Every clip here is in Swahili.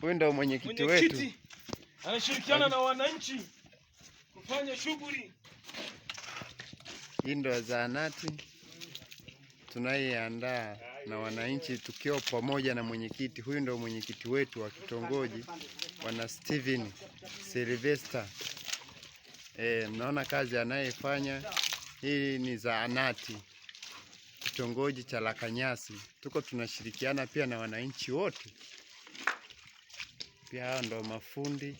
huyu ndio mwenyekiti wetu anashirikiana na wananchi kufanya shughuli hii. Ndio zahanati tunaiandaa na wananchi tukiwa pamoja na mwenyekiti huyu. Ndio mwenyekiti wetu wa kitongoji, bwana Steven Silvester. E, eh, mnaona kazi anayefanya. Hii ni zahanati kitongoji cha Lakanyasi, tuko tunashirikiana pia na wananchi wote, pia hao ndo mafundi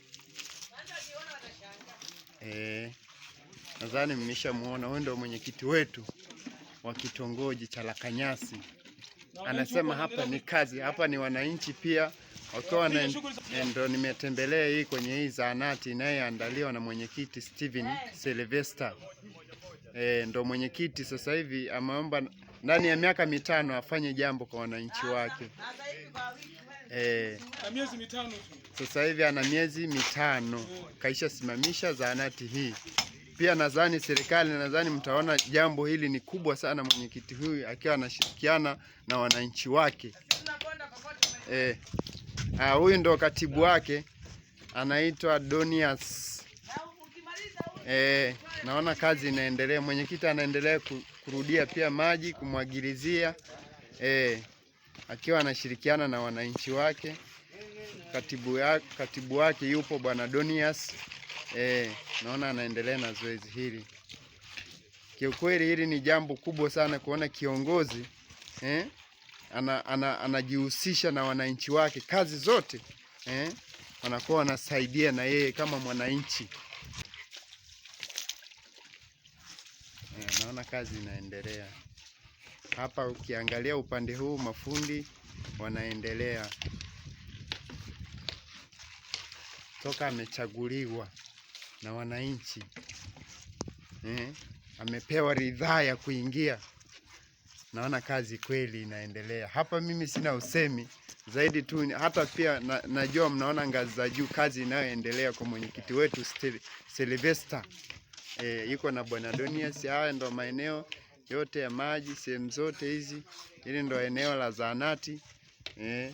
eh. nadhani mmeshamuona. Huyu ndo mwenyekiti wetu wa kitongoji cha Lakanyasi, anasema hapa ni kazi, hapa ni wananchi pia wakiwa ndo nimetembelea hii kwenye hii zahanati inayeandaliwa na mwenyekiti Steven Sylvester. E, ndo mwenyekiti sasa hivi ameomba ndani ya miaka mitano afanye jambo kwa wananchi wake. E, sasa hivi ana miezi mitano kaisha simamisha zahanati hii. Pia nadhani serikali, nadhani mtaona jambo hili ni kubwa sana, mwenyekiti huyu akiwa anashirikiana na wananchi wake e. Ah, huyu ndo katibu wake anaitwa Donius. E, naona kazi inaendelea, mwenyekiti anaendelea kurudia pia maji kumwagilizia, eh, akiwa anashirikiana na wananchi wake. Katibu, ya, katibu wake yupo bwana Donius. E, naona anaendelea na zoezi hili. Kiukweli hili ni jambo kubwa sana kuona kiongozi eh, anajihusisha ana, ana na wananchi wake kazi zote eh, wanakuwa wanasaidia na yeye kama mwananchi eh, naona kazi inaendelea hapa. Ukiangalia upande huu mafundi wanaendelea toka amechaguliwa na wananchi eh, amepewa ridhaa ya kuingia naona kazi kweli inaendelea hapa. Mimi sina usemi zaidi tu, hata pia na, najua mnaona ngazi za juu kazi inayoendelea kwa mwenyekiti wetu Silvester e, yuko na bwana Donius. Haya ndo maeneo yote ya maji, sehemu zote hizi, hili ndo eneo la zahanati e.